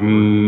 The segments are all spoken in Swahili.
Lord mm.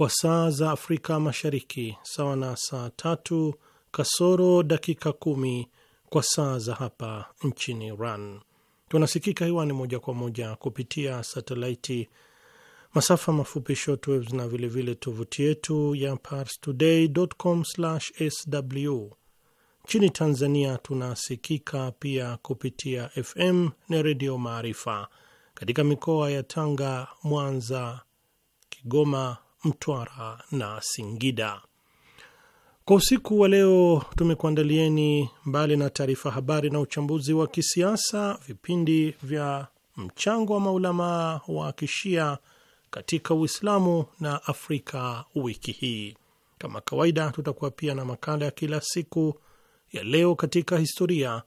kwa saa za Afrika Mashariki, sawa na saa tatu kasoro dakika kumi kwa saa za hapa nchini Iran. Tunasikika hewani moja kwa moja kupitia satelaiti, masafa mafupi shortwaves, na vilevile tovuti yetu ya parstoday.com/sw. Nchini Tanzania tunasikika pia kupitia FM na Redio Maarifa katika mikoa ya Tanga, Mwanza, Kigoma, Mtwara na Singida. Kwa usiku wa leo tumekuandalieni mbali na taarifa habari na uchambuzi wa kisiasa, vipindi vya mchango wa maulamaa wa kishia katika Uislamu na Afrika wiki hii. Kama kawaida, tutakuwa pia na makala ya kila siku ya leo katika historia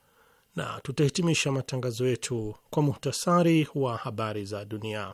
na tutahitimisha matangazo yetu kwa muhtasari wa habari za dunia.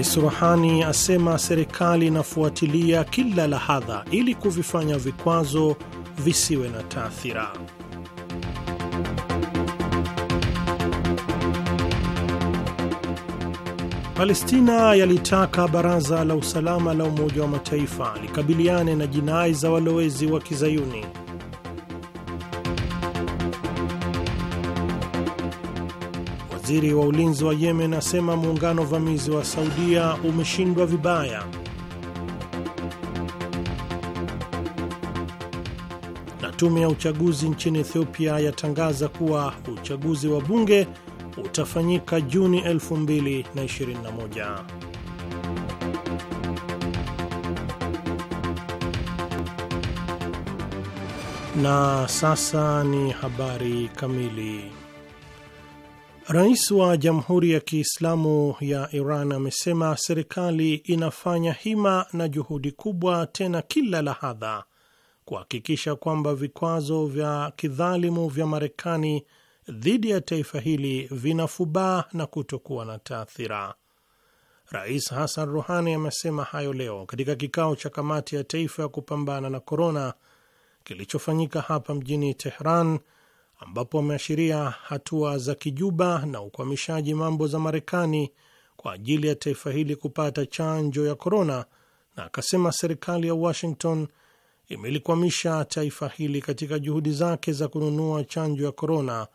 Rais Rouhani asema serikali inafuatilia kila lahadha ili kuvifanya vikwazo visiwe na taathira. Palestina yalitaka baraza la usalama la Umoja wa Mataifa likabiliane na jinai za walowezi wa Kizayuni. Waziri wa ulinzi wa Yemen asema muungano vamizi wa Saudia umeshindwa vibaya. Na tume ya uchaguzi nchini Ethiopia yatangaza kuwa uchaguzi wa bunge utafanyika Juni 2021. Na sasa ni habari kamili. Rais wa Jamhuri ya Kiislamu ya Iran amesema serikali inafanya hima na juhudi kubwa, tena kila lahadha, kuhakikisha kwamba vikwazo vya kidhalimu vya Marekani dhidi ya taifa hili vinafubaa na kutokuwa na taathira. Rais Hassan Ruhani amesema hayo leo katika kikao cha kamati ya taifa ya kupambana na korona kilichofanyika hapa mjini Tehran ambapo ameashiria hatua za kijuba na ukwamishaji mambo za Marekani kwa ajili ya taifa hili kupata chanjo ya korona, na akasema serikali ya Washington imelikwamisha taifa hili katika juhudi zake za kununua chanjo ya korona,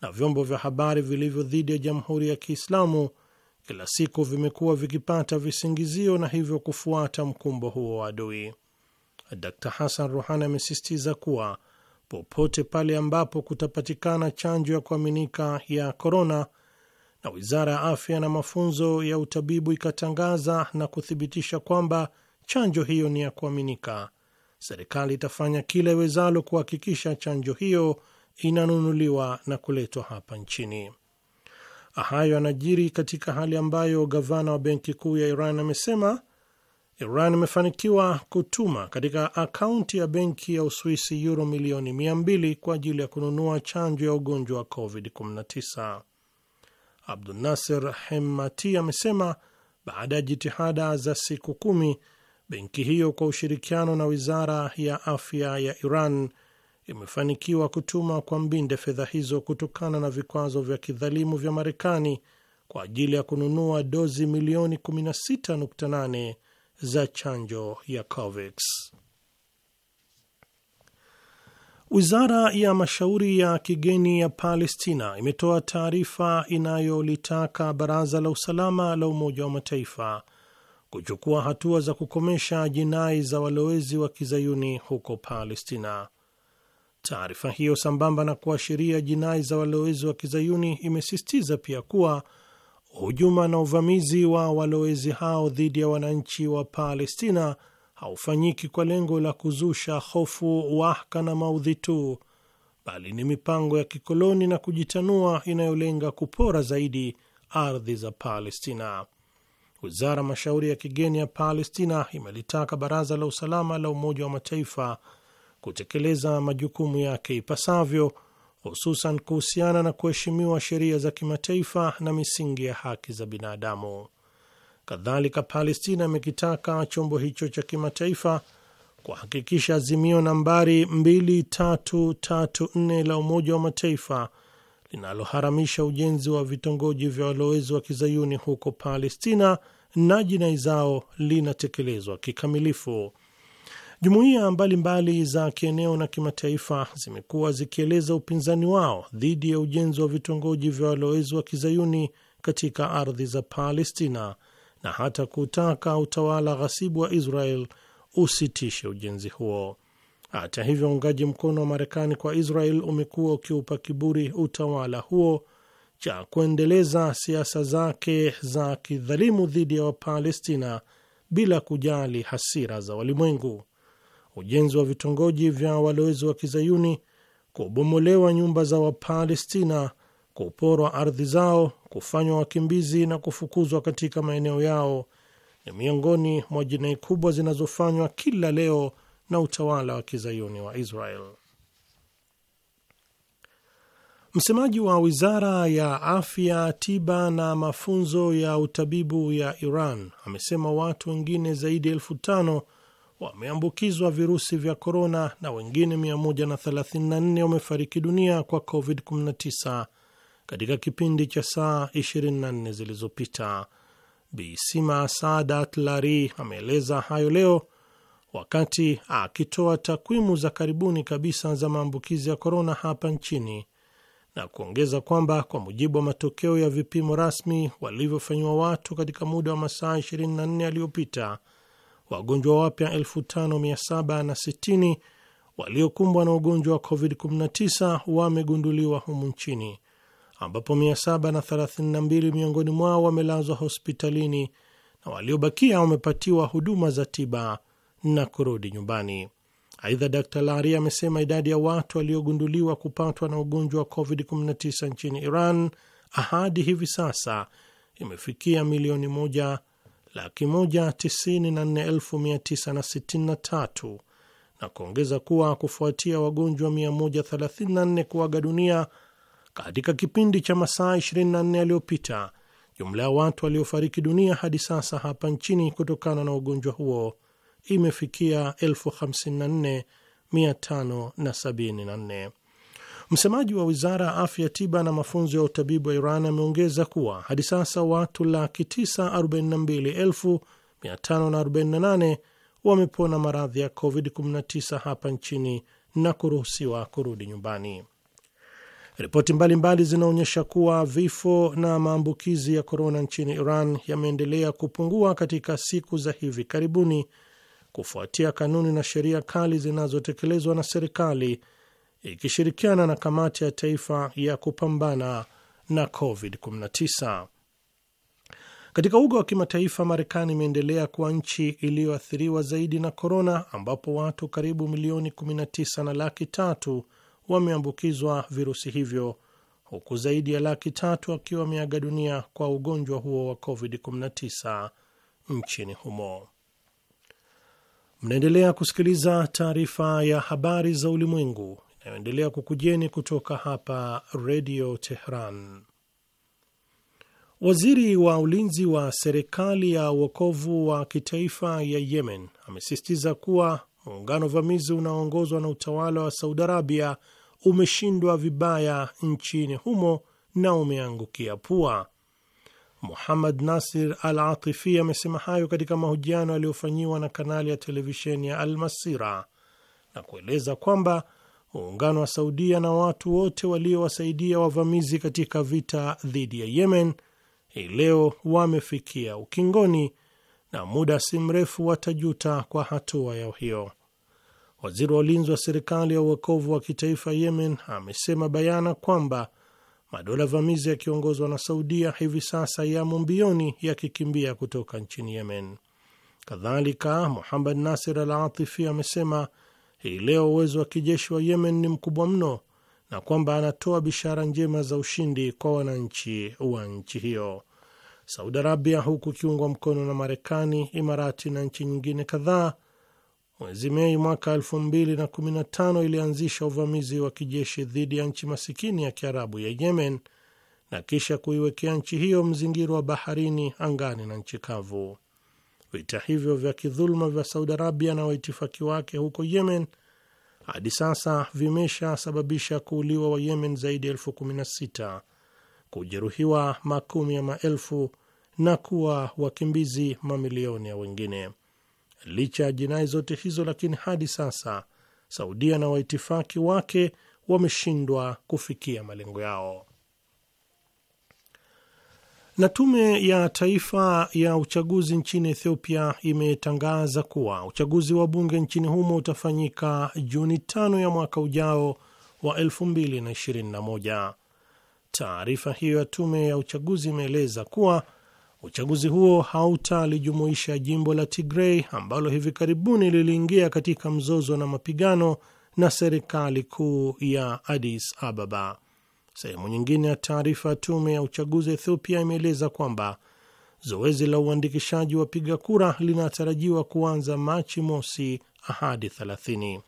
na vyombo vya habari vilivyo dhidi ya Jamhuri ya Kiislamu kila siku vimekuwa vikipata visingizio na hivyo kufuata mkumbo huo wa adui. Dr Hassan Ruhani amesisitiza kuwa popote pale ambapo kutapatikana chanjo ya kuaminika ya korona na Wizara ya Afya na Mafunzo ya Utabibu ikatangaza na kuthibitisha kwamba chanjo hiyo ni ya kuaminika, serikali itafanya kila iwezalo kuhakikisha chanjo hiyo inanunuliwa na kuletwa hapa nchini. Hayo yanajiri katika hali ambayo gavana wa Benki Kuu ya Iran amesema Iran imefanikiwa kutuma katika akaunti ya benki ya Uswisi yuro milioni 200 kwa ajili ya kununua chanjo ya ugonjwa wa COVID-19. Abdul Nasser Hemmati amesema baada ya jitihada za siku kumi, benki hiyo kwa ushirikiano na wizara ya afya ya Iran imefanikiwa kutuma kwa mbinde fedha hizo kutokana na vikwazo vya kidhalimu vya Marekani kwa ajili ya kununua dozi milioni 16.8 za chanjo ya Covax. Wizara ya mashauri ya kigeni ya Palestina imetoa taarifa inayolitaka Baraza la Usalama la Umoja wa Mataifa kuchukua hatua za kukomesha jinai za walowezi wa kizayuni huko Palestina. Taarifa hiyo sambamba na kuashiria jinai za walowezi wa kizayuni imesisitiza pia kuwa hujuma na uvamizi wa walowezi hao dhidi ya wananchi wa Palestina haufanyiki kwa lengo la kuzusha hofu, wahaka na maudhi tu, bali ni mipango ya kikoloni na kujitanua inayolenga kupora zaidi ardhi za Palestina. Wizara mashauri ya kigeni ya Palestina imelitaka Baraza la Usalama la Umoja wa Mataifa kutekeleza majukumu yake ipasavyo hususan kuhusiana na kuheshimiwa sheria za kimataifa na misingi ya haki za binadamu. Kadhalika, Palestina imekitaka chombo hicho cha kimataifa kuhakikisha azimio nambari 2334 la Umoja wa Mataifa linaloharamisha ujenzi wa vitongoji vya walowezi wa kizayuni huko Palestina na jinai zao linatekelezwa kikamilifu. Jumuiya mbalimbali za kieneo na kimataifa zimekuwa zikieleza upinzani wao dhidi ya ujenzi wa vitongoji vya walowezi wa kizayuni katika ardhi za Palestina na hata kutaka utawala ghasibu wa Israel usitishe ujenzi huo. Hata hivyo, uungaji mkono wa Marekani kwa Israel umekuwa ukiupa kiburi utawala huo cha kuendeleza siasa zake za kidhalimu dhidi ya Wapalestina bila kujali hasira za walimwengu ujenzi wa vitongoji vya walowezi wa kizayuni, kubomolewa nyumba za Wapalestina, kuporwa ardhi zao, kufanywa wakimbizi na kufukuzwa katika maeneo yao ni miongoni mwa jinai kubwa zinazofanywa kila leo na utawala wa kizayuni wa Israel. Msemaji wa wizara ya afya, tiba na mafunzo ya utabibu ya Iran amesema watu wengine zaidi ya elfu tano wameambukizwa virusi vya korona na wengine 134 wamefariki dunia kwa COVID-19 katika kipindi cha saa 24 zilizopita. bisima Sima Lari ameeleza hayo leo wakati akitoa takwimu za karibuni kabisa za maambukizi ya korona hapa nchini na kuongeza kwamba kwa mujibu wa matokeo ya vipimo rasmi walivyofanyiwa watu katika muda wa masaa 24 yaliyopita wagonjwa wapya 5760 waliokumbwa na ugonjwa wa COVID-19 wamegunduliwa humu nchini, ambapo 732 miongoni mwao wamelazwa hospitalini na waliobakia wamepatiwa huduma za tiba na kurudi nyumbani. Aidha, Dr Lari amesema idadi ya watu waliogunduliwa kupatwa na ugonjwa wa COVID-19 nchini Iran ahadi hivi sasa imefikia milioni moja 194,963 na kuongeza kuwa kufuatia wagonjwa 134 kuaga dunia katika kipindi cha masaa 24 yaliyopita, jumla ya watu waliofariki dunia hadi sasa hapa nchini kutokana na ugonjwa huo imefikia 54574. Msemaji wa wizara ya afya, tiba na mafunzo ya utabibu wa Iran ameongeza kuwa hadi sasa watu laki 942,548 wamepona maradhi ya COVID-19 hapa nchini na kuruhusiwa kurudi nyumbani. Ripoti mbalimbali zinaonyesha kuwa vifo na maambukizi ya korona nchini Iran yameendelea kupungua katika siku za hivi karibuni kufuatia kanuni na sheria kali zinazotekelezwa na serikali ikishirikiana na kamati ya taifa ya kupambana na COVID-19. Katika uga wa kimataifa, Marekani imeendelea kuwa nchi iliyoathiriwa zaidi na korona, ambapo watu karibu milioni 19 na laki tatu wameambukizwa virusi hivyo huku zaidi ya laki tatu akiwa wameaga dunia kwa ugonjwa huo wa COVID-19 nchini humo. Mnaendelea kusikiliza taarifa ya habari za ulimwengu inayoendelea kukujeni kutoka hapa Redio Tehran. Waziri wa ulinzi wa serikali ya uokovu wa kitaifa ya Yemen amesisitiza kuwa muungano vamizi unaoongozwa na utawala wa Saudi Arabia umeshindwa vibaya nchini humo na umeangukia pua. Muhammad Nasir Al Atifi amesema hayo katika mahojiano yaliyofanyiwa na kanali ya televisheni ya Al Masira na kueleza kwamba muungano wa Saudia na watu wote waliowasaidia wavamizi katika vita dhidi ya Yemen hii leo wamefikia ukingoni na muda si mrefu watajuta kwa hatua yao hiyo. Waziri wa ulinzi wa serikali ya uokovu wa kitaifa Yemen amesema bayana kwamba madola vamizi yakiongozwa na Saudia hivi sasa yamo mbioni yakikimbia kutoka nchini Yemen. Kadhalika, Muhammad Nasir Al Atifi amesema hii leo uwezo wa kijeshi wa Yemen ni mkubwa mno na kwamba anatoa bishara njema za ushindi kwa wananchi wa nchi hiyo. Saudi Arabia, huku ikiungwa mkono na Marekani, Imarati na nchi nyingine kadhaa, mwezi Mei mwaka 2015 ilianzisha uvamizi wa kijeshi dhidi ya nchi masikini ya kiarabu ya Yemen na kisha kuiwekea nchi hiyo mzingiro wa baharini, angani na nchi kavu. Vita hivyo vya kidhuluma vya Saudi Arabia na waitifaki wake huko Yemen hadi sasa vimeshasababisha kuuliwa wa Yemen zaidi ya elfu kumi na sita, kujeruhiwa makumi ya maelfu na kuwa wakimbizi mamilioni ya wengine. Licha ya jinai zote hizo, lakini hadi sasa Saudia na waitifaki wake wameshindwa kufikia malengo yao. Na tume ya taifa ya uchaguzi nchini Ethiopia imetangaza kuwa uchaguzi wa bunge nchini humo utafanyika Juni tano ya mwaka ujao wa 2021. Taarifa hiyo ya tume ya uchaguzi imeeleza kuwa uchaguzi huo hautalijumuisha jimbo la Tigrei ambalo hivi karibuni liliingia katika mzozo na mapigano na serikali kuu ya Addis Ababa. Sehemu nyingine ya taarifa ya tume ya uchaguzi Ethiopia imeeleza kwamba zoezi la uandikishaji wa wapiga kura linatarajiwa kuanza Machi mosi hadi 30.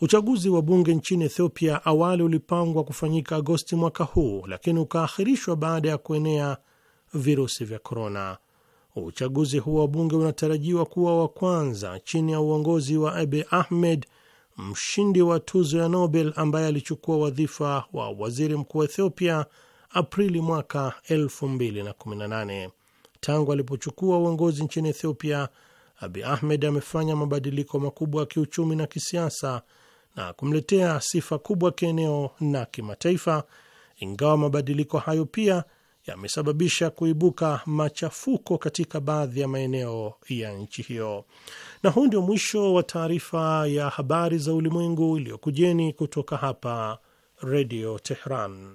Uchaguzi wa bunge nchini Ethiopia awali ulipangwa kufanyika Agosti mwaka huu, lakini ukaahirishwa baada ya kuenea virusi vya korona. Uchaguzi huo wa bunge unatarajiwa kuwa wa kwanza chini ya uongozi wa Abiy Ahmed mshindi wa tuzo ya Nobel ambaye alichukua wadhifa wa waziri mkuu wa Ethiopia Aprili mwaka 2018. Tangu alipochukua uongozi nchini Ethiopia, Abi Ahmed amefanya mabadiliko makubwa ya kiuchumi na kisiasa na kumletea sifa kubwa kieneo na kimataifa, ingawa mabadiliko hayo pia yamesababisha kuibuka machafuko katika baadhi ya maeneo ya nchi hiyo. Na huu ndio mwisho wa taarifa ya habari za ulimwengu iliyokujeni kutoka hapa Redio Tehran.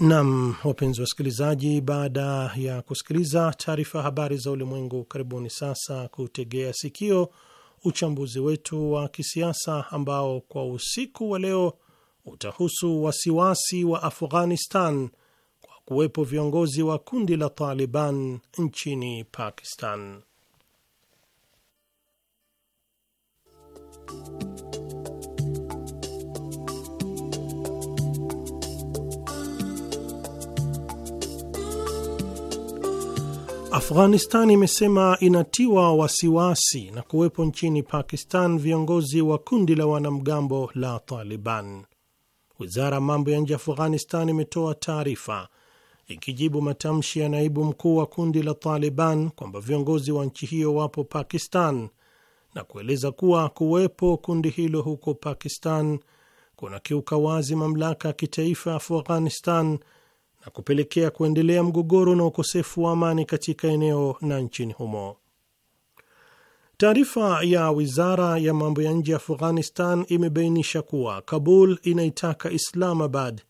Nam, wapenzi wasikilizaji, baada ya kusikiliza taarifa habari za ulimwengu, karibuni sasa kutegea sikio uchambuzi wetu wa kisiasa ambao kwa usiku wa leo utahusu wasiwasi wa Afghanistan kwa kuwepo viongozi wa kundi la Taliban nchini Pakistan. Afghanistan imesema inatiwa wasiwasi na kuwepo nchini Pakistan viongozi wa kundi la wanamgambo la Taliban. Wizara ya mambo ya nje ya Afghanistan imetoa taarifa ikijibu matamshi ya naibu mkuu wa kundi la Taliban kwamba viongozi wa nchi hiyo wapo Pakistan na kueleza kuwa kuwepo kundi hilo huko Pakistan kuna kiuka wazi mamlaka ya kitaifa ya Afghanistan na kupelekea kuendelea mgogoro na ukosefu wa amani katika eneo na nchini humo. Taarifa ya wizara ya mambo ya nje ya Afghanistan imebainisha kuwa Kabul inaitaka Islamabad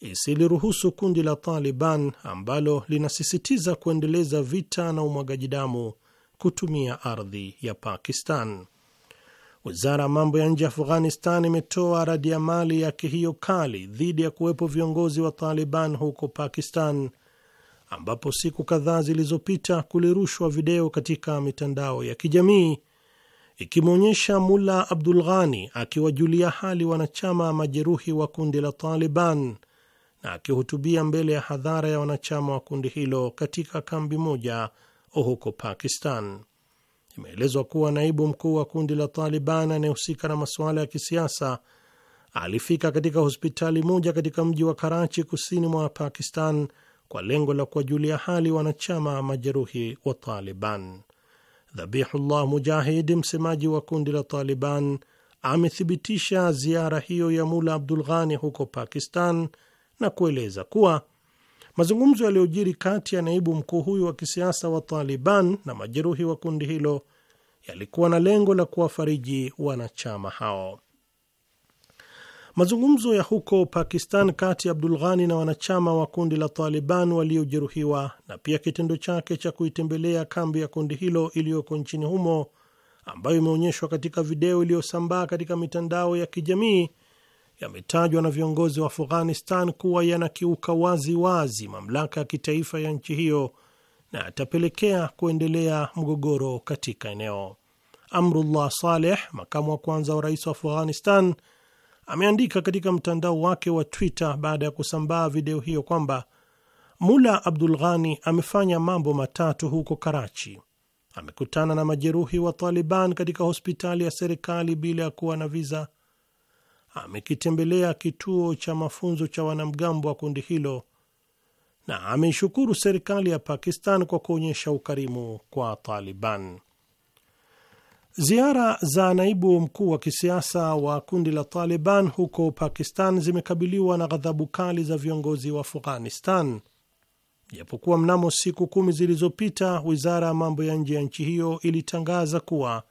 isiliruhusu kundi la Taliban ambalo linasisitiza kuendeleza vita na umwagaji damu kutumia ardhi ya Pakistan. Wizara ya mambo ya nje ya Afghanistan imetoa radiamali yake hiyo kali dhidi ya kuwepo viongozi wa Taliban huko Pakistan, ambapo siku kadhaa zilizopita kulirushwa video katika mitandao ya kijamii ikimwonyesha Mula Abdul Ghani akiwajulia hali wanachama majeruhi wa kundi la Taliban na akihutubia mbele ya hadhara ya wanachama wa kundi hilo katika kambi moja huko Pakistan. Imeelezwa kuwa naibu mkuu wa kundi la Taliban anayehusika na masuala ya kisiasa alifika katika hospitali moja katika mji wa Karachi, kusini mwa Pakistan, kwa lengo la kuwajulia hali wanachama majeruhi wa Taliban. Dhabihullah Mujahid, msemaji wa kundi la Taliban, amethibitisha ziara hiyo ya Mula Abdul Ghani huko Pakistan na kueleza kuwa Mazungumzo yaliyojiri kati ya naibu mkuu huyu wa kisiasa wa Taliban na majeruhi wa kundi hilo yalikuwa na lengo la kuwafariji wanachama hao. Mazungumzo ya huko Pakistan kati ya Abdul Ghani na wanachama wa kundi la Taliban waliojeruhiwa na pia kitendo chake cha kuitembelea kambi ya kundi hilo iliyoko nchini humo ambayo imeonyeshwa katika video iliyosambaa katika mitandao ya kijamii yametajwa na viongozi wa Afghanistan kuwa yanakiuka wazi wazi mamlaka ya kitaifa ya nchi hiyo na yatapelekea kuendelea mgogoro katika eneo. Amrullah Saleh, makamu wa kwanza wa rais wa Afghanistan, ameandika katika mtandao wake wa Twitter baada ya kusambaa video hiyo kwamba Mula Abdul Ghani amefanya mambo matatu huko Karachi. Amekutana na majeruhi wa Taliban katika hospitali ya serikali bila ya kuwa na viza amekitembelea kituo cha mafunzo cha wanamgambo wa kundi hilo na ameishukuru serikali ya Pakistan kwa kuonyesha ukarimu kwa Taliban. Ziara za naibu mkuu wa kisiasa wa kundi la Taliban huko Pakistan zimekabiliwa na ghadhabu kali za viongozi wa Afghanistan, japokuwa mnamo siku kumi zilizopita wizara ya mambo ya nje ya nchi hiyo ilitangaza kuwa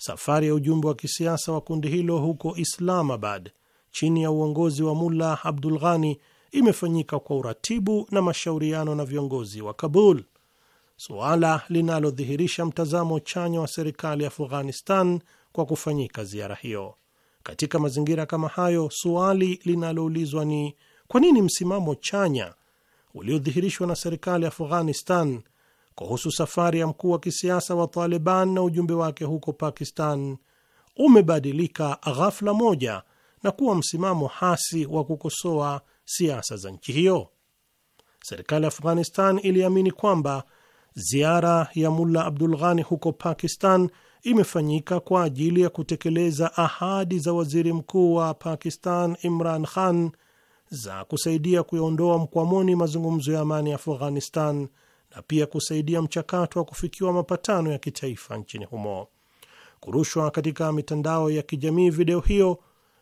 Safari ya ujumbe wa kisiasa wa kundi hilo huko Islamabad chini ya uongozi wa Mulla Abdul Ghani imefanyika kwa uratibu na mashauriano na viongozi wa Kabul, suala linalodhihirisha mtazamo chanya wa serikali ya Afghanistan kwa kufanyika ziara hiyo. Katika mazingira kama hayo, suali linaloulizwa ni kwa nini msimamo chanya uliodhihirishwa na serikali ya Afghanistan kuhusu safari ya mkuu wa kisiasa wa Taliban na ujumbe wake huko Pakistan umebadilika ghafla moja na kuwa msimamo hasi wa kukosoa siasa za nchi hiyo. Serikali ya Afghanistan iliamini kwamba ziara ya Mulla Abdul Ghani huko Pakistan imefanyika kwa ajili ya kutekeleza ahadi za waziri mkuu wa Pakistan Imran Khan za kusaidia kuyaondoa mkwamoni mazungumzo ya amani ya Afghanistan na pia kusaidia mchakato wa kufikiwa mapatano ya kitaifa nchini humo. Kurushwa katika mitandao ya kijamii video hiyo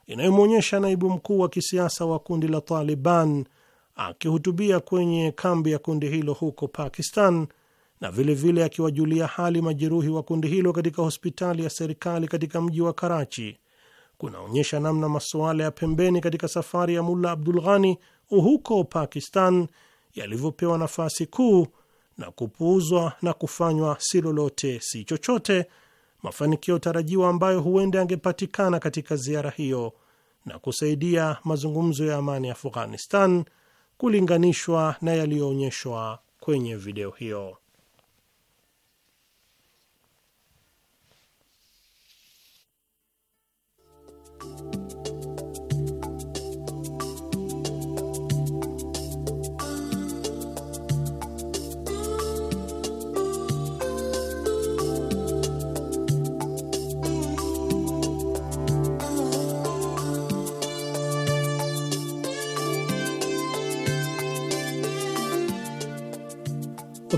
inayomwonyesha naibu mkuu wa kisiasa wa kundi la Taliban akihutubia kwenye kambi ya kundi hilo huko Pakistan na vilevile akiwajulia hali majeruhi wa kundi hilo katika hospitali ya serikali katika mji wa Karachi kunaonyesha namna masuala ya pembeni katika safari ya Mulla Abdul Ghani huko Pakistan yalivyopewa nafasi kuu na kupuuzwa na kufanywa si lolote si chochote mafanikio tarajiwa ambayo huenda yangepatikana katika ziara hiyo na kusaidia mazungumzo ya amani Afghanistan kulinganishwa na yaliyoonyeshwa kwenye video hiyo.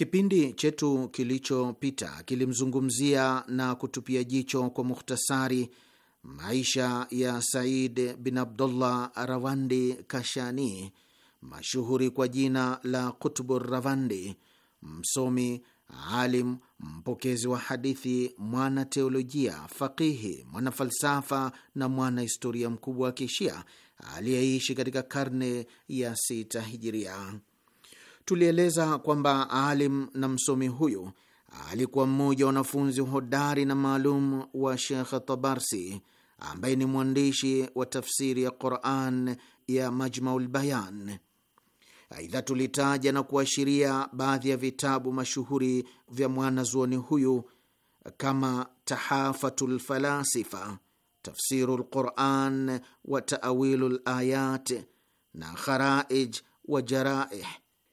Kipindi chetu kilichopita kilimzungumzia na kutupia jicho kwa mukhtasari maisha ya Said bin Abdullah Ravandi Kashani, mashuhuri kwa jina la Kutbu Ravandi, msomi, alim, mpokezi wa hadithi, mwana teolojia, faqihi, mwanafalsafa na mwana historia mkubwa wa Kishia aliyeishi katika karne ya sita Hijiria tulieleza kwamba alim na msomi huyu alikuwa mmoja wa wanafunzi hodari na maalum wa Shekh Tabarsi ambaye ni mwandishi wa tafsiri ya Quran ya Majmaul Bayan. Aidha, tulitaja na kuashiria baadhi ya vitabu mashuhuri vya mwanazuoni huyu kama Tahafatu lfalasifa, Tafsiru lquran wa Taawilu layat na Kharaij wa Jaraih.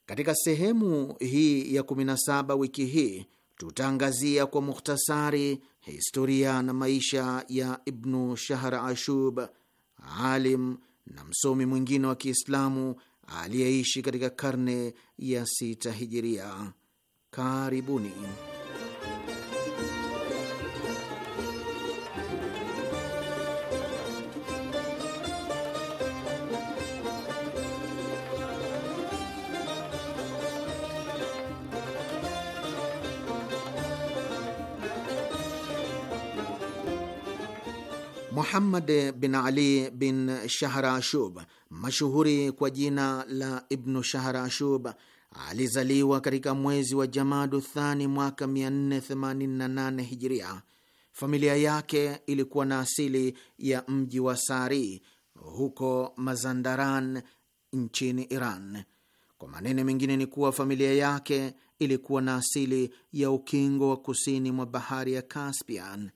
Katika sehemu hii ya 17 wiki hii tutaangazia kwa mukhtasari historia na maisha ya Ibnu Shahr Ashub, alim na msomi mwingine wa Kiislamu aliyeishi katika karne ya sita hijiria. Karibuni. Muhammad bin Ali bin Shahrashub, mashuhuri kwa jina la Ibnu Shahrashub, alizaliwa katika mwezi wa Jamadu Thani mwaka 488 Hijiria. Familia yake ilikuwa na asili ya mji wa Sari huko Mazandaran nchini Iran. Kwa maneno mengine ni kuwa familia yake ilikuwa na asili ya ukingo wa kusini mwa bahari ya Caspian.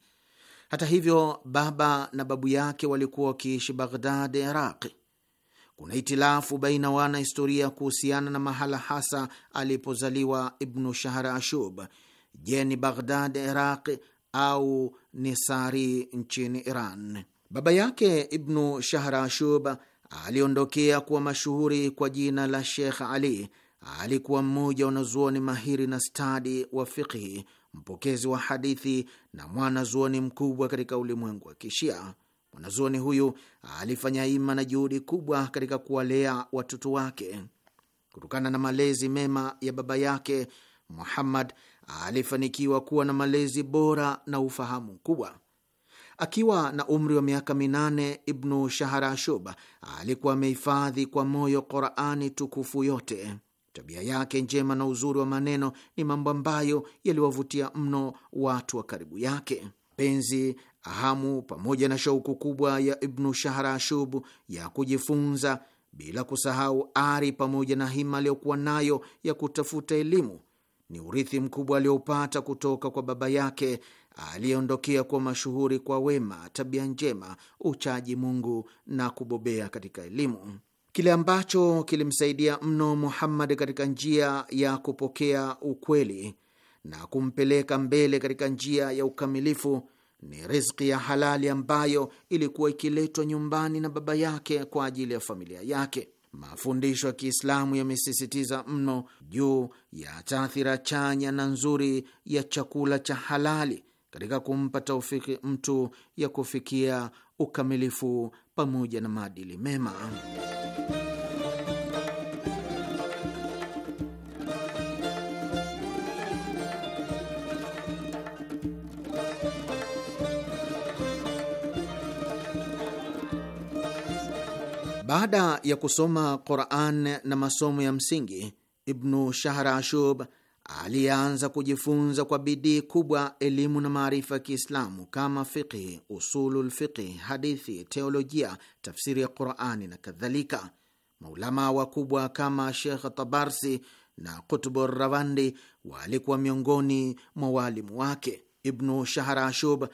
Hata hivyo, baba na babu yake walikuwa wakiishi Baghdad, Iraqi. Kuna itilafu baina wanahistoria kuhusiana na mahala hasa alipozaliwa Ibnu Shahr Ashub. Je, ni Baghdad, Iraq au ni Sari nchini Iran? Baba yake Ibnu Shahr Ashub aliondokea kuwa mashuhuri kwa jina la Shekh Ali alikuwa mmoja wanazuoni mahiri na stadi wa fiqhi, mpokezi wa hadithi na mwanazuoni mkubwa katika ulimwengu wa Kishia. Mwanazuoni huyu alifanya ima na juhudi kubwa katika kuwalea watoto wake. Kutokana na malezi mema ya baba yake, Muhammad alifanikiwa kuwa na malezi bora na ufahamu mkubwa. Akiwa na umri wa miaka minane, Ibnu Shahrashub alikuwa amehifadhi kwa moyo Qorani tukufu yote. Tabia yake njema na uzuri wa maneno ni mambo ambayo yaliwavutia mno watu wa karibu yake. Penzi, hamu pamoja na shauku kubwa ya Ibnu Shahrashub ya kujifunza, bila kusahau ari pamoja na hima aliyokuwa nayo ya kutafuta elimu ni urithi mkubwa aliyopata kutoka kwa baba yake aliyeondokea kuwa mashuhuri kwa wema, tabia njema, uchaji Mungu na kubobea katika elimu kile ambacho kilimsaidia mno Muhammad katika njia ya kupokea ukweli na kumpeleka mbele katika njia ya ukamilifu ni riziki ya halali ambayo ilikuwa ikiletwa nyumbani na baba yake kwa ajili ya familia yake. Mafundisho ya Kiislamu yamesisitiza mno juu ya taathira chanya na nzuri ya chakula cha halali katika kumpa taufiki mtu ya kufikia ukamilifu pamoja na maadili mema. Baada ya kusoma Quran na masomo ya msingi, Ibnu Shahra Ashub alianza kujifunza kwa bidii kubwa elimu na maarifa ya Kiislamu kama fiqhi, usulul fiqhi, hadithi, teolojia, tafsiri ya Qurani na kadhalika. Maulama wakubwa kama Shekh Tabarsi na Kutbu Rawandi walikuwa miongoni mwa waalimu wake. Ibnu Shahrashub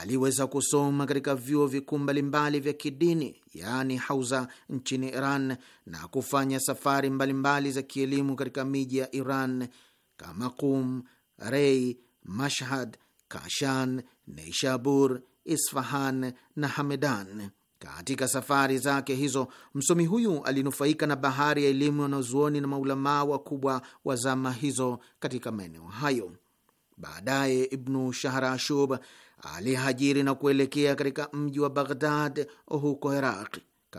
aliweza kusoma katika vyuo vikuu mbalimbali vya kidini yaani hauza nchini Iran na kufanya safari mbalimbali mbali za kielimu katika miji ya Iran kama Qum, Rei, Mashhad, Kashan, Neishabur, Isfahan na Hamedan. Katika safari zake hizo msomi huyu alinufaika na bahari ya elimu ya wanazuoni na maulamaa wakubwa wa zama hizo katika maeneo hayo. Baadaye Ibnu Shahrashub alihajiri na kuelekea katika mji wa Baghdad huko Iraq.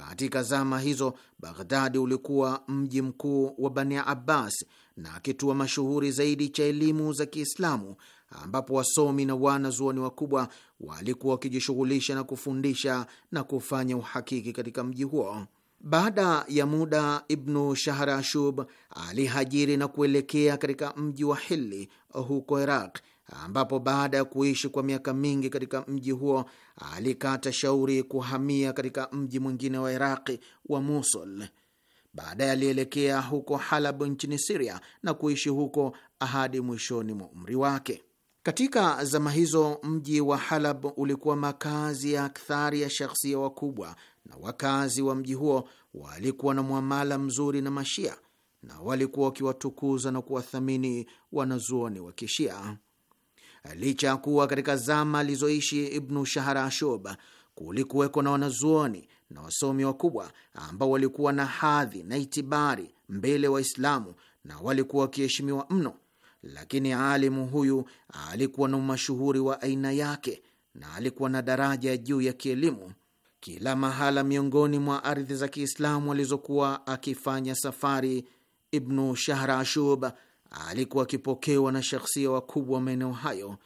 Katika zama hizo Baghdadi ulikuwa mji mkuu wa Bani Abbas na kituo mashuhuri zaidi cha elimu za Kiislamu, ambapo wasomi na wanazuoni wakubwa walikuwa wakijishughulisha na kufundisha na kufanya uhakiki katika mji huo. Baada ya muda, Ibnu Shahrashub alihajiri na kuelekea katika mji wa Hili huko Iraq, ambapo baada ya kuishi kwa miaka mingi katika mji huo alikata shauri kuhamia katika mji mwingine wa Iraqi wa Mosul. Baadaye alielekea huko Halab nchini Siria na kuishi huko hadi mwishoni mwa umri wake. Katika zama hizo mji wa Halab ulikuwa makazi ya akthari ya shakhsia wakubwa, na wakazi wa mji huo walikuwa na mwamala mzuri na Mashia na walikuwa wakiwatukuza na kuwathamini wanazuoni wa Kishia licha ya kuwa katika zama alizoishi Ibnu Shahrashub kulikuweko na wanazuoni na wasomi wakubwa ambao walikuwa na hadhi na itibari mbele Waislamu na walikuwa wakiheshimiwa mno, lakini alimu huyu alikuwa na umashuhuri wa aina yake na alikuwa na daraja ya juu ya kielimu. Kila mahala miongoni mwa ardhi za Kiislamu alizokuwa akifanya safari, Ibnu Shahrashub alikuwa akipokewa na shakhsia wakubwa wa maeneo hayo.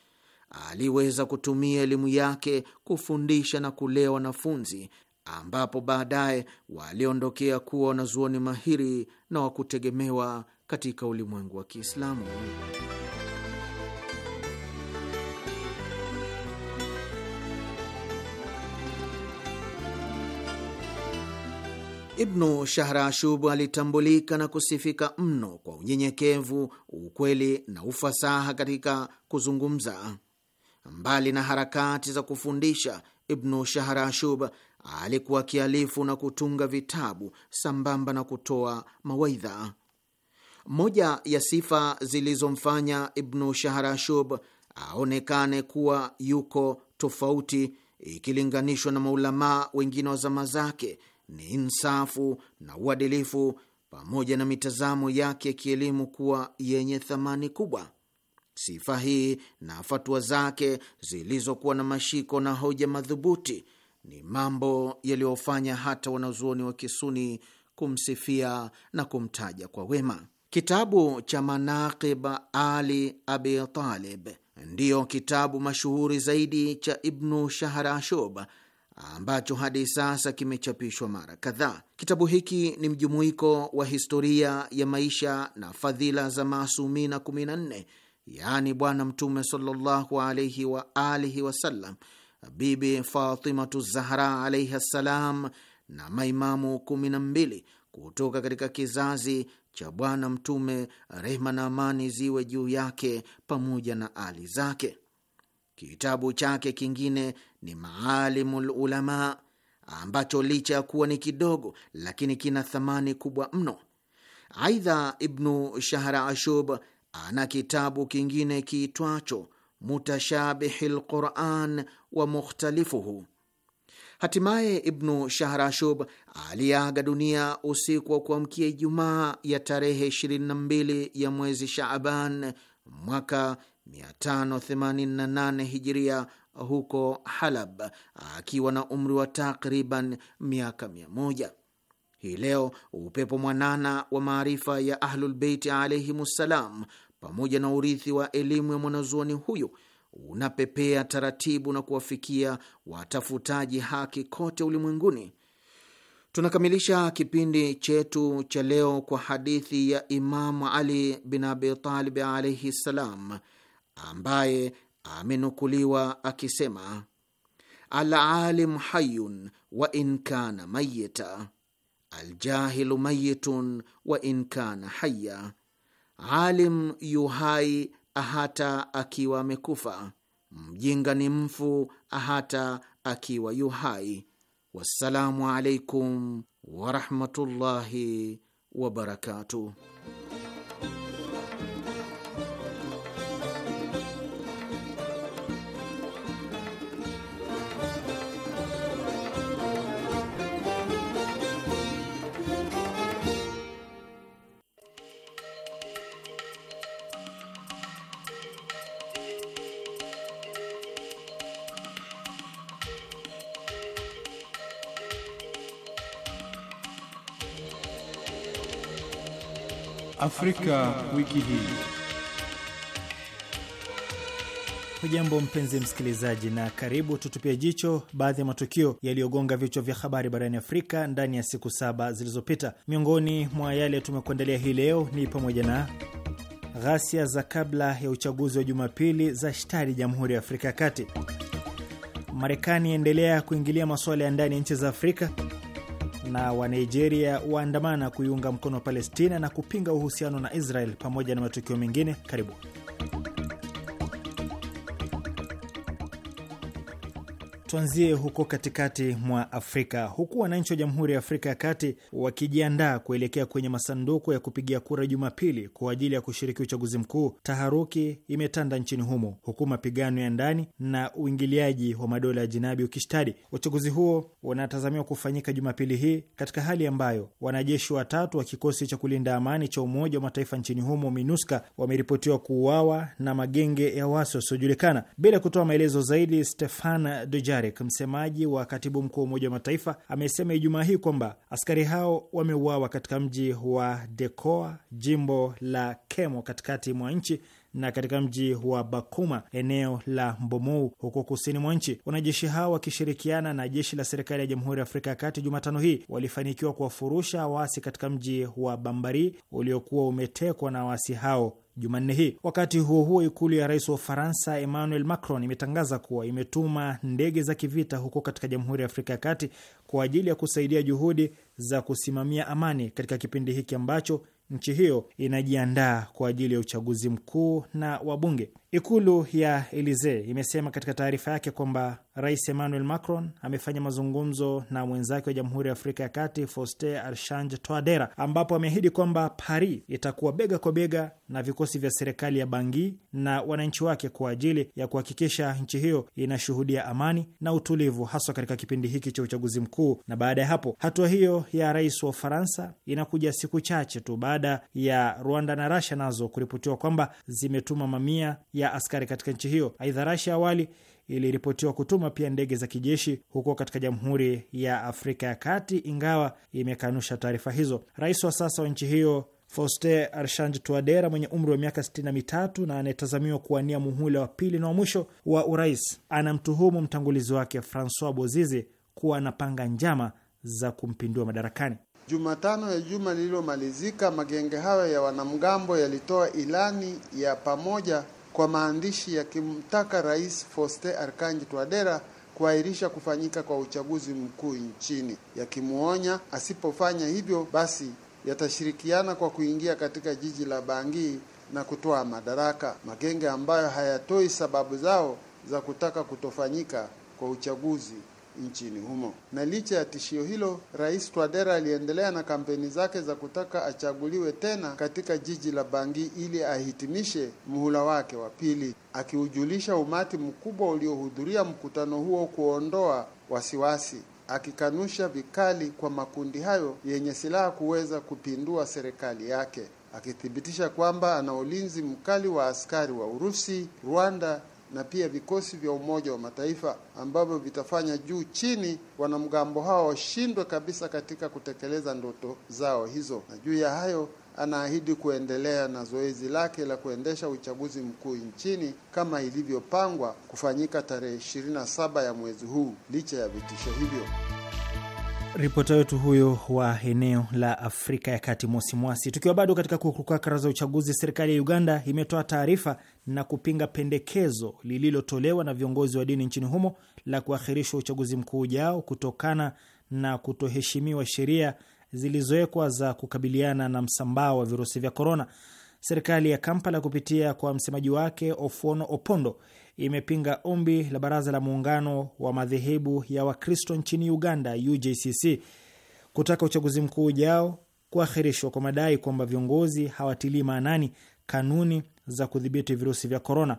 Aliweza kutumia elimu yake kufundisha na kulea wanafunzi, ambapo baadaye waliondokea kuwa wanazuoni mahiri na wakutegemewa katika ulimwengu wa Kiislamu. Ibnu Shahrashub alitambulika na kusifika mno kwa unyenyekevu, ukweli na ufasaha katika kuzungumza. Mbali na harakati za kufundisha, Ibnu Shahrashub alikuwa kialifu na kutunga vitabu sambamba na kutoa mawaidha. Moja ya sifa zilizomfanya Ibnu Shahrashub aonekane kuwa yuko tofauti ikilinganishwa na maulamaa wengine wa zama zake ni insafu na uadilifu pamoja na mitazamo yake ya kielimu kuwa yenye thamani kubwa. Sifa hii na fatua zake zilizokuwa na mashiko na hoja madhubuti ni mambo yaliyofanya hata wanazuoni wa Kisuni kumsifia na kumtaja kwa wema. Kitabu cha Manaqib Ali Abi Talib ndiyo kitabu mashuhuri zaidi cha Ibnu Shahrashub ambacho hadi sasa kimechapishwa mara kadhaa. Kitabu hiki ni mjumuiko wa historia ya maisha na fadhila za maasumina 14 yaani Bwana Mtume sallallahu alaihi wa alihi wasallam, Bibi Fatimatu Zahra alaihi ssalam, na maimamu 12 kutoka katika kizazi cha Bwana Mtume, rehma na amani ziwe juu yake pamoja na ali zake. Kitabu chake kingine ni maalimul ulama, ambacho licha ya kuwa ni kidogo lakini kina thamani kubwa mno. Aidha, Ibnu Shahra Ashub ana kitabu kingine kiitwacho Mutashabihi lquran wa mukhtalifuhu. Hatimaye Ibnu Shahrashub aliyeaga dunia usiku wa kuamkia Ijumaa ya tarehe 22 ya mwezi Shaaban mwaka 588 hijiria huko Halab akiwa na umri wa takriban miaka mia moja. Hii leo upepo mwanana wa maarifa ya Ahlulbeiti alaihimussalam pamoja na urithi wa elimu ya mwanazuoni huyu unapepea taratibu na kuwafikia watafutaji haki kote ulimwenguni. Tunakamilisha kipindi chetu cha leo kwa hadithi ya Imamu Ali bin Abi Talib alaihi ssalam, ambaye amenukuliwa akisema alalim hayun wa in kana mayita, aljahilu mayitun wa in kana haya, alim yuhai ahata akiwa amekufa, mjinga ni mfu ahata akiwa yuhai. Wassalamu alaikum warahmatullahi wabarakatuh. Afrika wiki hii. Hujambo mpenzi msikilizaji, na karibu tutupia jicho baadhi ya matukio yaliyogonga vichwa vya habari barani Afrika ndani ya siku saba zilizopita. Miongoni mwa yale tumekuandalia hii leo ni pamoja na ghasia za kabla ya uchaguzi wa Jumapili za shtari Jamhuri ya Afrika ya Kati, Marekani yaendelea kuingilia masuala ya ndani ya nchi za Afrika, na Wanigeria waandamana kuiunga mkono Palestina na kupinga uhusiano na Israel pamoja na matukio mengine. Karibu. Tuanzie huko katikati mwa Afrika, huku wananchi wa Jamhuri ya Afrika ya Kati wakijiandaa kuelekea kwenye masanduku ya kupigia kura Jumapili kwa ajili ya kushiriki uchaguzi mkuu, taharuki imetanda nchini humo, huku mapigano ya ndani na uingiliaji wa madola ya jinabi ukishtadi. Uchaguzi huo unatazamiwa kufanyika Jumapili hii katika hali ambayo wanajeshi watatu wa kikosi cha kulinda amani cha Umoja wa Mataifa nchini humo minuska wameripotiwa kuuawa na magenge ya wasi wasiojulikana. Bila kutoa maelezo zaidi, Stefan Dujarric Guterres, msemaji wa katibu mkuu wa Umoja wa Mataifa, amesema Ijumaa hii kwamba askari hao wameuawa katika mji wa Dekoa, jimbo la Kemo, katikati mwa nchi na katika mji wa Bakuma, eneo la Mbomou, huko kusini mwa nchi. Wanajeshi hao wakishirikiana na jeshi la serikali ya Jamhuri ya Afrika ya Kati Jumatano hii walifanikiwa kuwafurusha waasi katika mji wa Bambari uliokuwa umetekwa na waasi hao Jumanne hii. Wakati huo huo, ikulu ya rais wa Ufaransa Emmanuel Macron imetangaza kuwa imetuma ndege za kivita huko katika Jamhuri ya Afrika ya Kati kwa ajili ya kusaidia juhudi za kusimamia amani katika kipindi hiki ambacho nchi hiyo inajiandaa kwa ajili ya uchaguzi mkuu na wabunge. Ikulu ya Elisee imesema katika taarifa yake kwamba Rais Emmanuel Macron amefanya mazungumzo na mwenzake wa Jamhuri ya Afrika ya Kati Foste Archange toadera ambapo ameahidi kwamba Paris itakuwa bega kwa bega na vikosi vya serikali ya Bangui na wananchi wake kwa ajili ya kuhakikisha nchi hiyo inashuhudia amani na utulivu, haswa katika kipindi hiki cha uchaguzi mkuu na baada ya hapo. Hatua hiyo ya rais wa Ufaransa inakuja siku chache tu baada ya Rwanda na rasha nazo kuripotiwa kwamba zimetuma mamia ya ya askari katika nchi hiyo. Aidha, Rasia awali iliripotiwa kutuma pia ndege za kijeshi huko katika Jamhuri ya Afrika ya Kati, ingawa imekanusha taarifa hizo. Rais wa sasa wa nchi hiyo Faustin Archange Touadera mwenye umri wa miaka sitini na mitatu na anayetazamiwa kuwania muhula wa pili na wa mwisho wa urais anamtuhumu mtangulizi wake Francois Bozize kuwa anapanga njama za kumpindua madarakani. Jumatano ya juma lililomalizika, magenge hayo ya wanamgambo yalitoa ilani ya pamoja kwa maandishi yakimtaka Rais Faustin Archange Touadera kuahirisha kufanyika kwa uchaguzi mkuu nchini, yakimwonya asipofanya hivyo basi yatashirikiana kwa kuingia katika jiji la Bangui na kutoa madaraka magenge ambayo hayatoi sababu zao za kutaka kutofanyika kwa uchaguzi nchini humo. Na licha ya tishio hilo, Rais Twadera aliendelea na kampeni zake za kutaka achaguliwe tena katika jiji la Bangi ili ahitimishe muhula wake wa pili, akiujulisha umati mkubwa uliohudhuria mkutano huo kuondoa wasiwasi, akikanusha vikali kwa makundi hayo yenye silaha kuweza kupindua serikali yake, akithibitisha kwamba ana ulinzi mkali wa askari wa Urusi, Rwanda na pia vikosi vya Umoja wa Mataifa ambavyo vitafanya juu chini wanamgambo hao washindwe kabisa katika kutekeleza ndoto zao hizo. Na juu ya hayo anaahidi kuendelea na zoezi lake la kuendesha uchaguzi mkuu nchini kama ilivyopangwa kufanyika tarehe 27 ya mwezi huu licha ya vitisho hivyo. Ripota wetu huyo wa eneo la Afrika ya Kati, Mosi Mwasi. Tukiwa bado katika kukukakara za uchaguzi, serikali ya Uganda imetoa taarifa na kupinga pendekezo lililotolewa na viongozi wa dini nchini humo la kuahirishwa uchaguzi mkuu ujao kutokana na kutoheshimiwa sheria zilizowekwa za kukabiliana na msambao wa virusi vya korona. Serikali ya Kampala kupitia kwa msemaji wake Ofuono Opondo imepinga ombi la baraza la muungano wa madhehebu ya Wakristo nchini Uganda, UJCC, kutaka uchaguzi mkuu ujao kuahirishwa kwa madai kwamba viongozi hawatilii maanani kanuni za kudhibiti virusi vya korona.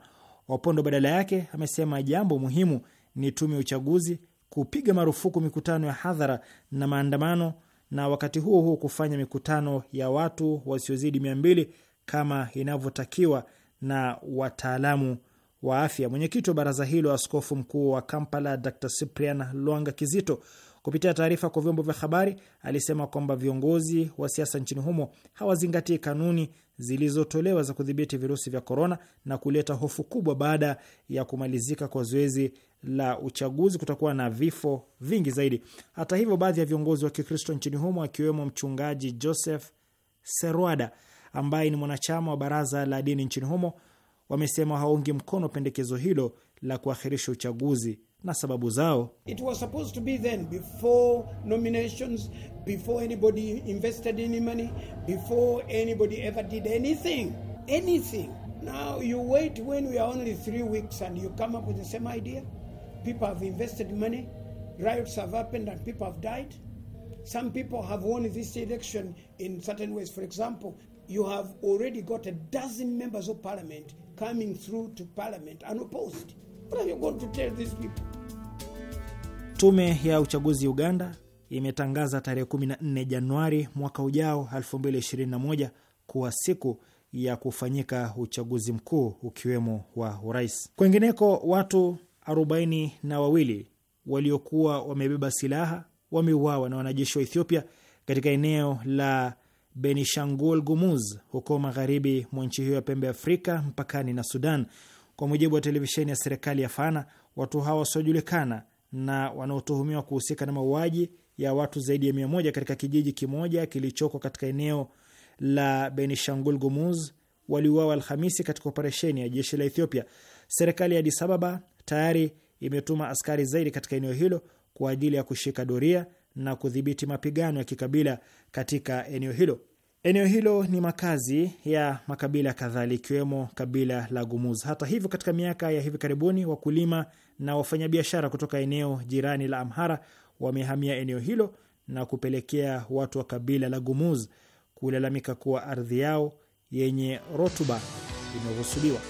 Wapondo badala yake amesema jambo muhimu ni tume ya uchaguzi kupiga marufuku mikutano ya hadhara na maandamano, na wakati huo huo kufanya mikutano ya watu wasiozidi mia mbili kama inavyotakiwa na wataalamu wa afya. Mwenyekiti wa baraza hilo, askofu mkuu wa Kampala Dr Cyprian Lwanga Kizito, kupitia taarifa kwa vyombo vya habari, alisema kwamba viongozi wa siasa nchini humo hawazingatii kanuni zilizotolewa za kudhibiti virusi vya korona na kuleta hofu kubwa baada ya kumalizika kwa zoezi la uchaguzi kutakuwa na vifo vingi zaidi. Hata hivyo, baadhi ya viongozi wa Kikristo nchini humo akiwemo mchungaji Joseph Serwada ambaye ni mwanachama wa baraza la dini nchini humo wamesema hawaungi mkono pendekezo hilo la kuahirisha uchaguzi na sababu zao. It was supposed to be then before nominations, before anybody invested any money, before anybody ever did anything, anything. Now you wait when we are only three weeks and you come up with the same idea. People have invested money, riots have happened and people have died. Some people have won this election in certain ways. For example, you have already got a dozen members of parliament coming through to parliament unopposed. What are you going to tell these people? Tume ya uchaguzi Uganda imetangaza tarehe 14 Januari mwaka ujao 2021 kuwa siku ya kufanyika uchaguzi mkuu ukiwemo wa urais. Kwengineko, watu 40 na wawili waliokuwa wamebeba silaha wameuawa na wanajeshi wa Ethiopia katika eneo la Benishangul Gumuz huko magharibi mwa nchi hiyo ya pembe Afrika mpakani na Sudan. Kwa mujibu wa televisheni ya serikali ya Fana, watu hawa wasiojulikana na wanaotuhumiwa kuhusika na mauaji ya watu zaidi ya mia moja katika kijiji kimoja kilichoko katika eneo la Benishangul Gumuz waliuawa Alhamisi katika operesheni ya jeshi la Ethiopia. Serikali ya Adis Ababa tayari imetuma askari zaidi katika eneo hilo kwa ajili ya kushika doria na kudhibiti mapigano ya kikabila katika eneo hilo. Eneo hilo ni makazi ya makabila kadhaa likiwemo kabila la Gumuz. Hata hivyo, katika miaka ya hivi karibuni, wakulima na wafanyabiashara kutoka eneo jirani la Amhara wamehamia eneo hilo na kupelekea watu wa kabila la Gumuz kulalamika kuwa ardhi yao yenye rutuba imeghusuliwa.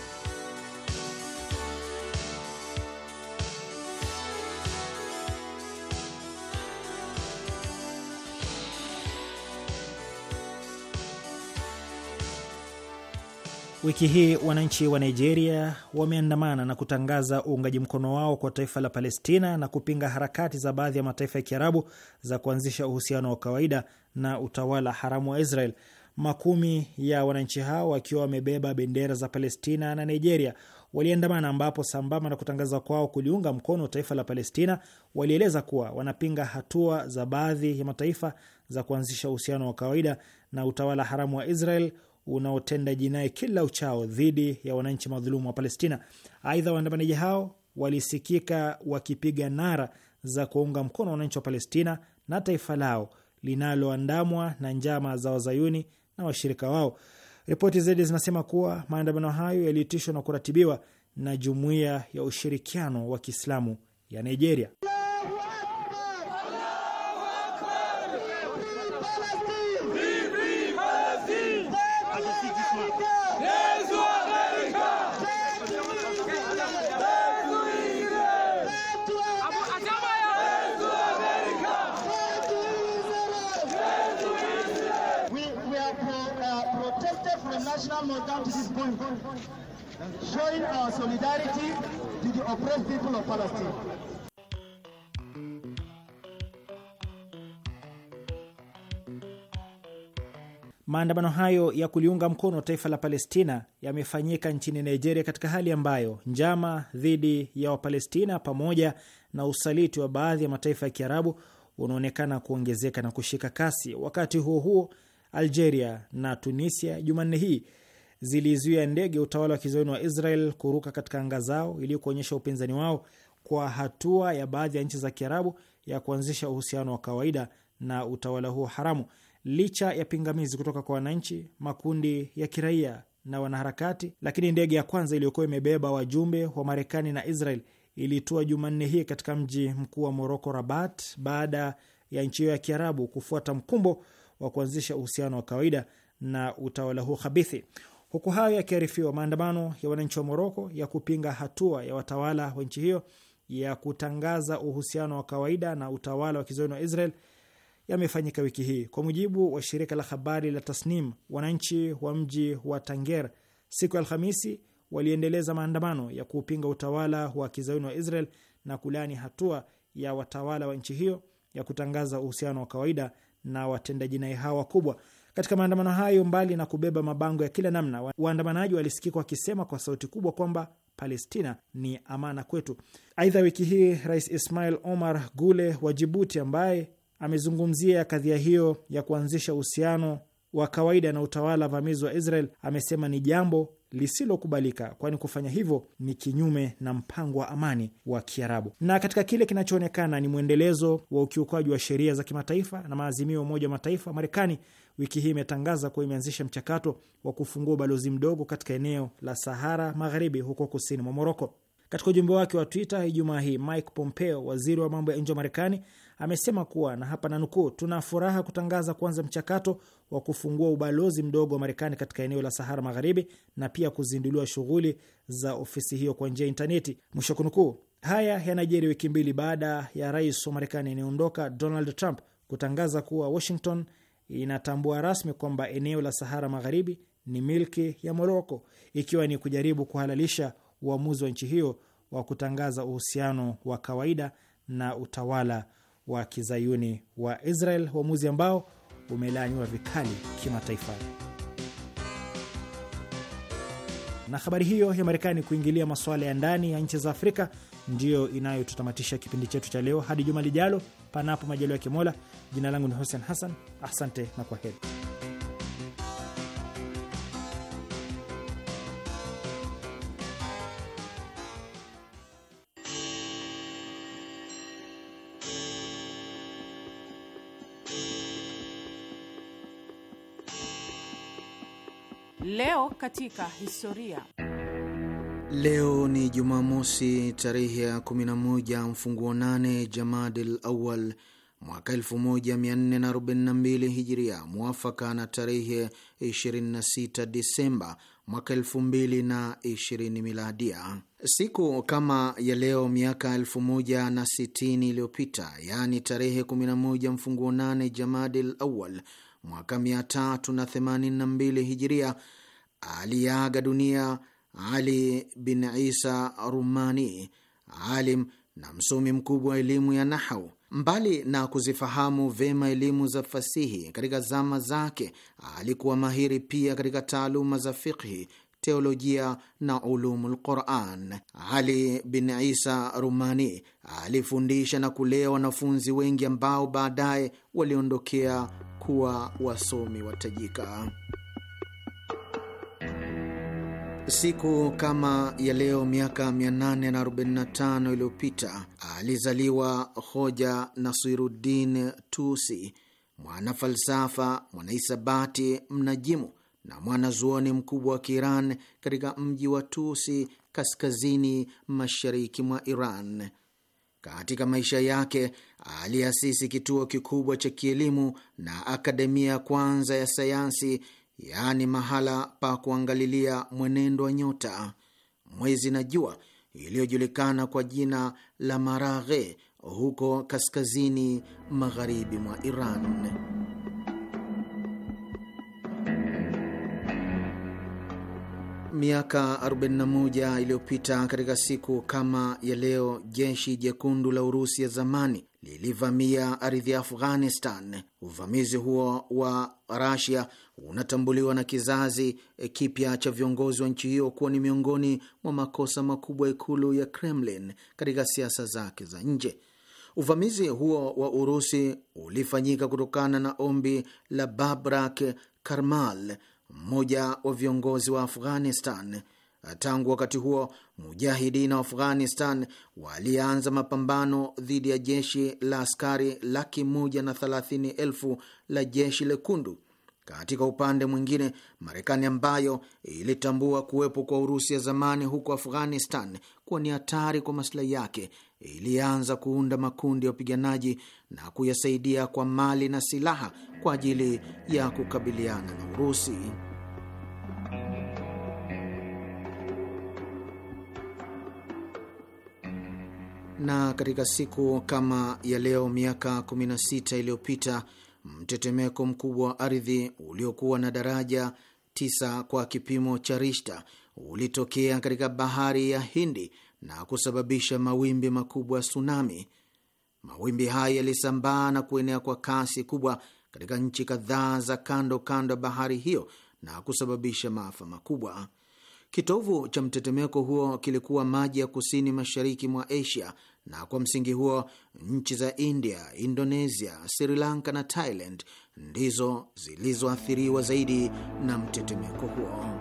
Wiki hii wananchi wa Nigeria wameandamana na kutangaza uungaji mkono wao kwa taifa la Palestina na kupinga harakati za baadhi ya mataifa ya Kiarabu za kuanzisha uhusiano wa kawaida na utawala haramu wa Israel. Makumi ya wananchi hao wakiwa wamebeba bendera za Palestina na Nigeria waliandamana, ambapo sambamba na kutangaza kwao kuliunga mkono taifa la Palestina, walieleza kuwa wanapinga hatua za baadhi ya mataifa za kuanzisha uhusiano wa kawaida na utawala haramu wa Israel unaotenda jinai kila uchao dhidi ya wananchi madhulumu wa Palestina. Aidha, waandamanaji hao walisikika wakipiga nara za kuunga mkono wananchi wa Palestina na taifa lao linaloandamwa na njama za wazayuni na washirika wao. Ripoti zaidi zinasema kuwa maandamano hayo yaliitishwa na kuratibiwa na Jumuiya ya Ushirikiano wa Kiislamu ya Nigeria. come to this point, showing our solidarity to the oppressed people of Palestine. Maandamano hayo ya kuliunga mkono taifa la Palestina yamefanyika nchini Nigeria katika hali ambayo njama dhidi ya Wapalestina pamoja na usaliti wa baadhi ya mataifa ya Kiarabu unaonekana kuongezeka na kushika kasi. Wakati huo huo, Algeria na Tunisia Jumanne hii zilizuia ndege utawala wa kizayuni wa Israel kuruka katika anga zao ili kuonyesha upinzani wao kwa hatua ya baadhi ya nchi za Kiarabu ya kuanzisha uhusiano wa kawaida na utawala huo haramu. Licha ya pingamizi kutoka kwa wananchi, makundi ya kiraia na wanaharakati, lakini ndege ya kwanza iliyokuwa imebeba wajumbe wa Marekani na Israel ilitua Jumanne hii katika mji mkuu wa Moroko, Rabat, baada ya nchi hiyo ya Kiarabu kufuata mkumbo wa kuanzisha uhusiano wa kawaida na utawala huo khabithi. Huku hayo yakiarifiwa, maandamano ya wananchi wa Moroko ya kupinga hatua ya watawala wa nchi hiyo ya kutangaza uhusiano wa kawaida na utawala wa kizayuni wa Israel yamefanyika wiki hii. Kwa mujibu wa shirika la habari la Tasnim, wananchi wa mji wa Tanger siku ya Alhamisi waliendeleza maandamano ya kupinga utawala wa kizayuni wa Israel na kulaani hatua ya watawala wa nchi hiyo ya kutangaza uhusiano wa kawaida na watendaji nae hawa wakubwa. Katika maandamano hayo, mbali na kubeba mabango ya kila namna, waandamanaji walisikika wakisema kwa sauti kubwa kwamba Palestina ni amana kwetu. Aidha, wiki hii Rais Ismail Omar Gule wa Jibuti, ambaye amezungumzia kadhia hiyo ya kuanzisha uhusiano wa kawaida na utawala vamizi wa Israel, amesema ni jambo lisilokubalika kwani kufanya hivyo ni kinyume na mpango wa amani wa Kiarabu. Na katika kile kinachoonekana ni mwendelezo wa ukiukaji wa sheria za kimataifa na maazimio ya Umoja wa Mataifa, Marekani wiki hii imetangaza kuwa imeanzisha mchakato wa kufungua ubalozi mdogo katika eneo la Sahara Magharibi huko kusini mwa Moroko. Katika ujumbe wake wa Twitter Ijumaa hii, Mike Pompeo, waziri wa mambo ya nje wa Marekani, amesema kuwa na hapa na nukuu, tuna furaha kutangaza kuanza mchakato wa kufungua ubalozi mdogo wa Marekani katika eneo la Sahara Magharibi na pia kuzinduliwa shughuli za ofisi hiyo kwa njia ya intaneti, mwisho kunukuu. Haya yanajiri wiki mbili baada ya rais wa Marekani anayeondoka Donald Trump kutangaza kuwa Washington inatambua rasmi kwamba eneo la Sahara Magharibi ni milki ya Moroko, ikiwa ni kujaribu kuhalalisha uamuzi wa nchi hiyo wa kutangaza uhusiano wa kawaida na utawala wa kizayuni wa Israel, uamuzi ambao umelaaniwa vikali kimataifa. Na habari hiyo ya Marekani kuingilia masuala ya ndani ya nchi za Afrika ndiyo inayotutamatisha kipindi chetu cha leo. Hadi juma lijalo panapo majaliwa ya Mola. Jina langu ni Hussein Hassan, asante na kwa heri. Leo katika historia Leo ni Jumamosi tarehe ya 11 mfunguo nane Jamadil Awal mwaka 1442 Hijiria, mwafaka na tarehe 26 Disemba mwaka 2020 Miladia. Siku kama ya leo miaka 1060 iliyopita, yaani tarehe 11 mfunguo nane Jamadil Awal mwaka 382 Hijiria, aliaga dunia ali bin Isa Rumani, alim na msomi mkubwa wa elimu ya nahau. Mbali na kuzifahamu vyema elimu za fasihi katika zama zake, alikuwa mahiri pia katika taaluma za fiqhi, teolojia na ulumu lquran. Ali bin Isa Rumani alifundisha na kulea wanafunzi wengi ambao baadaye waliondokea kuwa wasomi watajika. Siku kama ya leo miaka 845 iliyopita alizaliwa hoja Nasiruddin Tusi, mwana falsafa, mwanahisabati, mnajimu na mwanazuoni mkubwa wa Kiiran katika mji wa Tusi kaskazini mashariki mwa Iran. Katika maisha yake aliasisi kituo kikubwa cha kielimu na akademia ya kwanza ya sayansi yaani mahala pa kuangalilia mwenendo wa nyota, mwezi na jua, iliyojulikana kwa jina la Maraghe huko kaskazini magharibi mwa Iran. Miaka 41 iliyopita katika siku kama ya leo, jeshi jekundu la Urusi ya zamani lilivamia ardhi ya Afghanistan. Uvamizi huo wa Rasia unatambuliwa na kizazi kipya cha viongozi wa nchi hiyo kuwa ni miongoni mwa makosa makubwa ikulu ya Kremlin katika siasa zake za nje. Uvamizi huo wa Urusi ulifanyika kutokana na ombi la Babrak Karmal, mmoja wa viongozi wa Afghanistan Tangu wakati huo mujahidina wa Afghanistan walianza mapambano dhidi ya jeshi la askari laki moja na thelathini elfu la jeshi lekundu. Katika upande mwingine, Marekani ambayo ilitambua kuwepo kwa Urusi ya zamani huko Afghanistan kuwa ni hatari kwa masilahi yake, ilianza kuunda makundi ya wapiganaji na kuyasaidia kwa mali na silaha kwa ajili ya kukabiliana na Urusi. na katika siku kama ya leo miaka 16 iliyopita mtetemeko mkubwa wa ardhi uliokuwa na daraja 9 kwa kipimo cha Rishta ulitokea katika bahari ya Hindi na kusababisha mawimbi makubwa ya tsunami. Mawimbi haya yalisambaa na kuenea kwa kasi kubwa katika nchi kadhaa za kando kando ya bahari hiyo na kusababisha maafa makubwa. Kitovu cha mtetemeko huo kilikuwa maji ya kusini mashariki mwa Asia, na kwa msingi huo nchi za India, Indonesia, Sri Lanka na Thailand ndizo zilizoathiriwa zaidi na mtetemeko huo.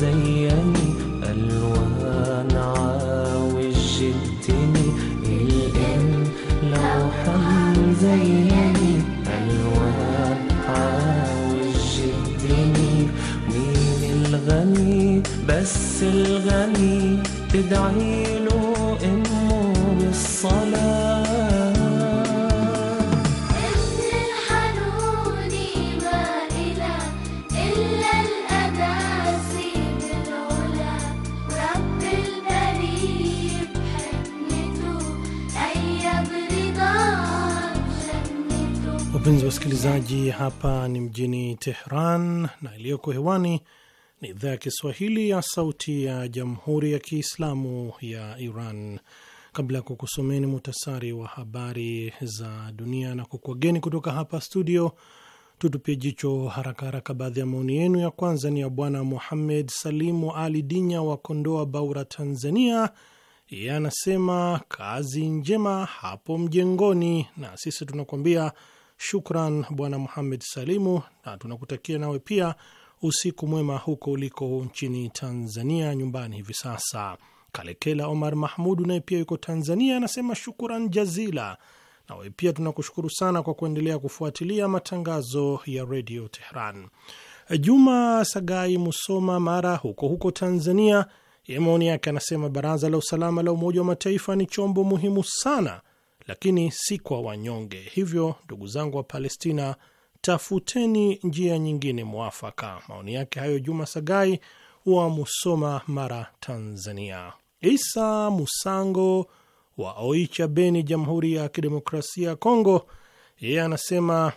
زيني ألوان عاوج جبتني الإن لو زيني ألوان عاوج جبتني مين الغني بس الغني تدعيني Hapa ni mjini Tehran na iliyoko hewani ni idhaa ya Kiswahili ya Sauti ya Jamhuri ya Kiislamu ya Iran. Kabla ya kukusomeni muhtasari wa habari za dunia na kukuageni kutoka hapa studio, tutupie jicho haraka haraka baadhi ya maoni yenu. Ya kwanza ni ya Bwana Muhammed Salimu Ali Dinya wa Kondoa Baura, Tanzania. Yeye anasema kazi njema hapo mjengoni, na sisi tunakuambia Shukran Bwana Muhamed Salimu, na tunakutakia nawe pia usiku mwema huko uliko nchini Tanzania, nyumbani hivi sasa. Kalekela Omar Mahmudu naye pia yuko Tanzania, anasema shukran jazila. Nawe pia tunakushukuru sana kwa kuendelea kufuatilia matangazo ya redio Tehran. Juma Sagai Musoma Mara, huko huko Tanzania, ye maoni yake anasema baraza la usalama la Umoja wa Mataifa ni chombo muhimu sana lakini si kwa wanyonge. Hivyo ndugu zangu wa Palestina, tafuteni njia nyingine mwafaka. Maoni yake hayo Juma Sagai wa Musoma, Mara, Tanzania. Isa Musango wa Oicha, Beni, Jamhuri ya Kidemokrasia ya Kongo, yeye anasema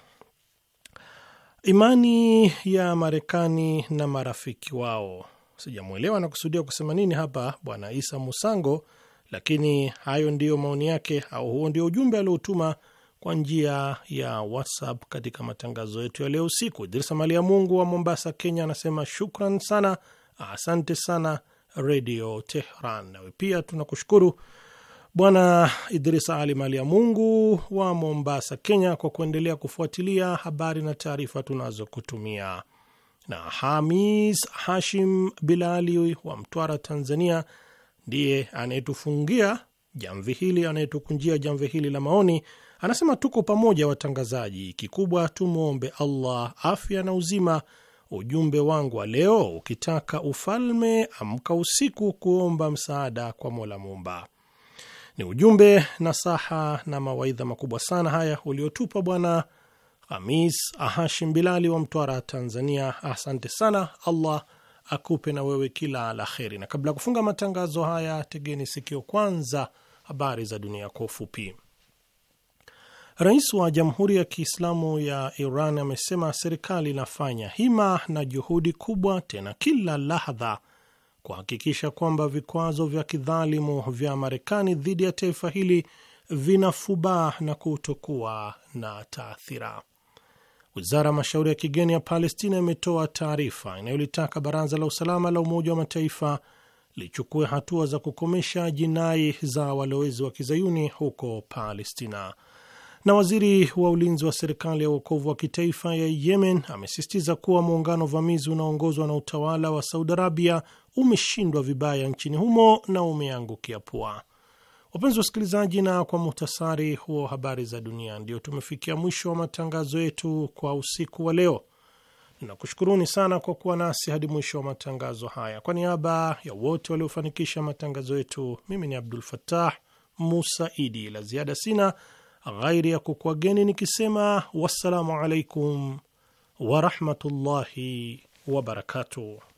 imani ya Marekani na marafiki wao. Sijamwelewa anakusudia kusema nini hapa Bwana Isa Musango lakini hayo ndiyo maoni yake au huo ndio ujumbe aliotuma kwa njia ya WhatsApp katika matangazo yetu ya leo usiku. Idrisa Mali ya Mungu wa Mombasa, Kenya, anasema shukran sana, asante sana Redio Tehran. Nawe pia tunakushukuru Bwana Idrisa Ali Mali ya Mungu wa Mombasa, Kenya, kwa kuendelea kufuatilia habari na taarifa tunazokutumia. Na Hamis Hashim Bilali wa Mtwara, Tanzania, ndiye anayetufungia jamvi hili, anayetukunjia jamvi hili la maoni. Anasema tuko pamoja watangazaji, kikubwa tumwombe Allah afya na uzima. Ujumbe wangu wa leo, ukitaka ufalme amka usiku kuomba msaada kwa Mola Muumba. Ni ujumbe nasaha na mawaidha makubwa sana haya uliotupa Bwana Hamis ahashi Bilali wa Mtwara, Tanzania. Asante sana, Allah akupe na wewe kila la heri. Na kabla ya kufunga matangazo haya, tegeni sikio kwanza habari za dunia kwa ufupi. Rais wa Jamhuri ya Kiislamu ya Iran amesema serikali inafanya hima na juhudi kubwa, tena kila lahadha kuhakikisha kwamba vikwazo vya kidhalimu vya Marekani dhidi ya taifa hili vinafubaa na kutokuwa na taathira. Wizara ya mashauri ya kigeni ya Palestina imetoa taarifa inayolitaka baraza la usalama la Umoja wa Mataifa lichukue hatua za kukomesha jinai za walowezi wa kizayuni huko Palestina. Na waziri wa ulinzi wa serikali ya uokovu wa kitaifa ya Yemen amesisitiza kuwa muungano vamizi unaoongozwa na utawala wa Saudi Arabia umeshindwa vibaya nchini humo na umeangukia pua. Wapenzi wasikilizaji, na kwa muhtasari huo habari za dunia, ndio tumefikia mwisho wa matangazo yetu kwa usiku wa leo. nakushukuruni sana kwa kuwa nasi hadi mwisho wa matangazo haya. Kwa niaba ya wote waliofanikisha matangazo yetu, mimi ni Abdul fatah Musa Idi. La ziada sina ghairi ya kukuageni nikisema wassalamu alaikum warahmatullahi wabarakatuh.